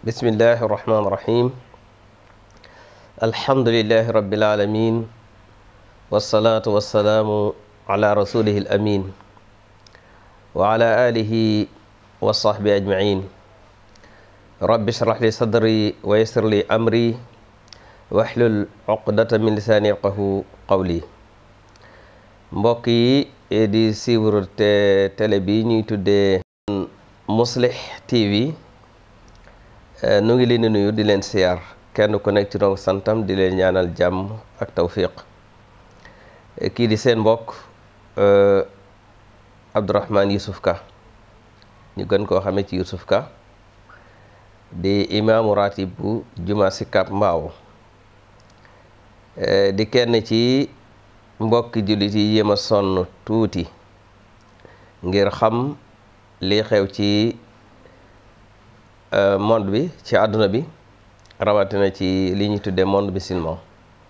bismillahi irrahman irrahim alhamdulilahi rabbil alamin wassalaatu wassalaamu ala rasulihi al amin wa ala alihi wa sahbi ajmain rabbi shrah li sadri wa yassir li amri wahlul uqdata min lisaani yafqahu qawli mbokk yi di suivre te télé bi ñuy tuddee Mouslih TV Eh, nu ngi leen di nuyu di leen siyaar kenn ku nekk ci doom santam di leen ñaanal jàmm ak tawfiq eh, kii di seen mbokk eh, Abdourahmane Youssouf Ka ñu gën koo xamee ci Youssouf Ka di imaamu ratib bu juma Sicap Mbao di kenn ci mbokki jullit yi yéem a sonn tuuti ngir xam li xew ci Euh, monde bi ci àdduna bi rawatina ci li ñuy tuddee monde musulman